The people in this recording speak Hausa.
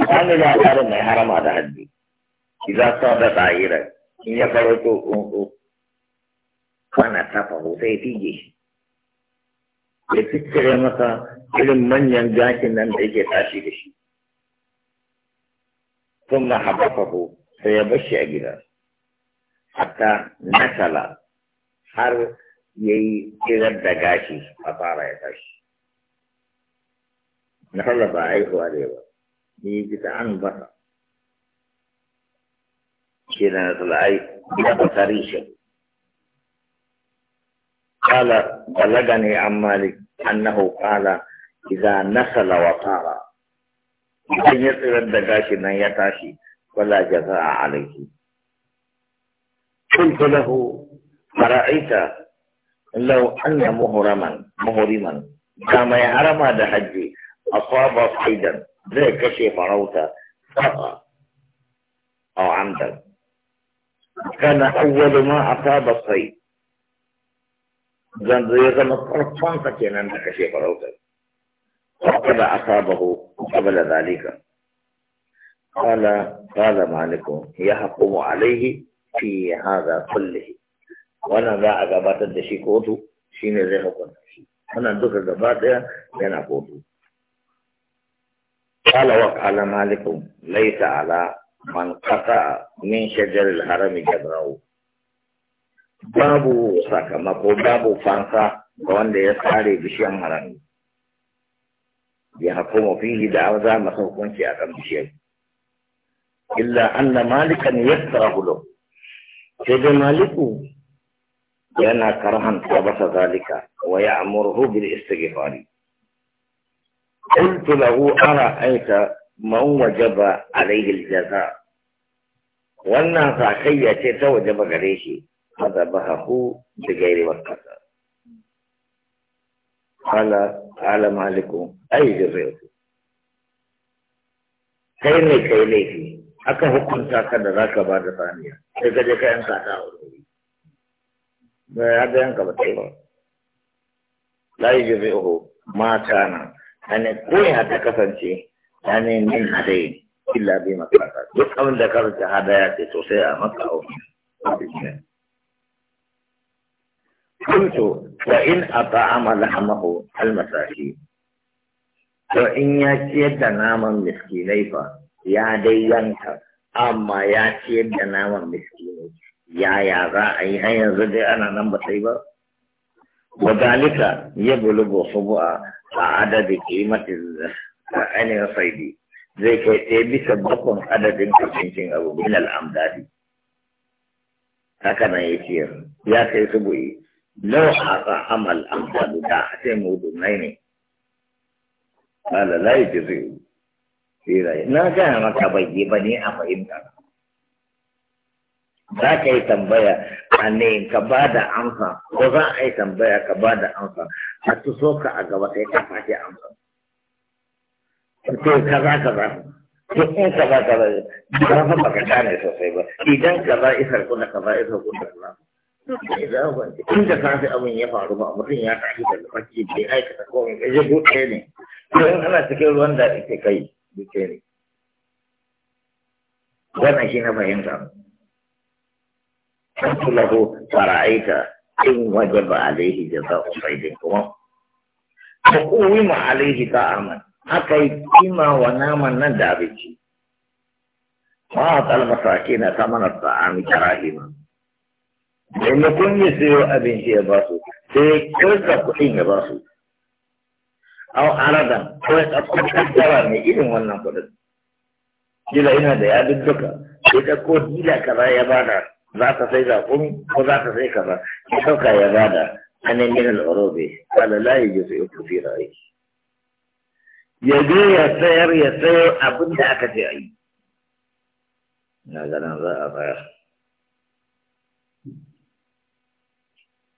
wani labarin mai harama da haddi idan sa da tsahira in ya karoto kunku ana tafa sai fige shi ya fitkire masa irin manyan gashin nan da yake tashi da shi sun na haɓafahu sai ya bashi a gida hatta nasala har ya yi tsirar da gashi a fara ya tashi na ba aihuwa da yawa يجي تعال من برا كذا نطلع اي قال بلغني عن مالك انه قال اذا نسل وطار ان يطير الدقاش ان يتاشي ولا جزاء عليه قلت له ارايت لو أن مهرما مهرما كما يهرم هذا حجي أصاب صيدا كشي kashe farauta أو عمدا كان أول ما أصاب الصيد زند يزم الطرفان فكان عندك كشي فروتا وقد أصابه قبل ذلك قال قال مالك يحكم عليه في هذا كله وانا ذا أجابات الدشي كوتو شين زي حكم أنا دوك أجابات يا أنا كوتو ala وقال مالك ليس على من قطع من شجر harami جبره babu sakamako babu fansa ga wanda ya tsare bishiyan harami ya hukuma fihi da an zama hukunci a kan bishiyar illa anna malikan yasrahu lahu sai dai maliku yana karhanta masa zalika wa ya'muruhu bil istighfari قلت له أرأيت من وجب عليه الجزاء wannan sakayya ce ta waje ba gare shi hada ba haku da gairi wakasa ala ala maliku ai jirrewa kai ne kai laifi aka hukunta ka da zaka ba da saniya sai ka ka yanka a wuri ba ya yanka ba ta ba la yi jirrewa mata na yani koya ta kasance yani min hadayi illa bi makarata duk abin da karanta hadaya ce sosai a maka auki قلت وإن أطعم لحمه المساكين وإن يشيد نام مسكيني فا يا ديانك أما يشيد نام مسكيني يا يا رأي هيا زدي أنا نمبر طيبة Wadalika ya bulu bufu bu a adadin kimatin da ainihin saidi zai kai ɗaya bisa adadin kafincin abu bin al’amdadi. Haka na yi ce, ya kai su buyi, lau a ka amal amfani da a ce mu hudu ne. Alala yi jiri, tira yi, na gaya maka bai yi ba ne Za ka yi tambaya, a ka ba da amsa ko za a yi tambaya ka ba da amsa a tuso ka a gaba sai ka fashe amsa to kaza kaza to in kaza kaza ba fa baka sosai ba idan kaza isar kuna kaza isar kuna kaza inda safe abin ya faru ba mutum ya tashi da bacci bai aikata komai ba zai buɗe ne in ana cikin ruwan da ake kai buɗe ne wannan shi na fahimta kanta lahu fara'aita in wajaba alaihi jaza usaidin kuma a kuwi ma alaihi ta aman haka yi kima naman nan da abinci ma a ta na ta mana ta ami ta rahima yadda kun yi abinci ya ba su sai ya kirka kuɗin ya ba su au aradan ya tsakko tattara mai irin wannan kuɗin jila ina da ya duk duka sai ta ko jila ya ba da za ka sai zaƙumi ko za ka sai kaza ki sauka ya gada anan yin al'urobe wala layi ya zai ku fi rai ya je ya sayar ya sayo abinda aka ce a yi na ganin za a baya.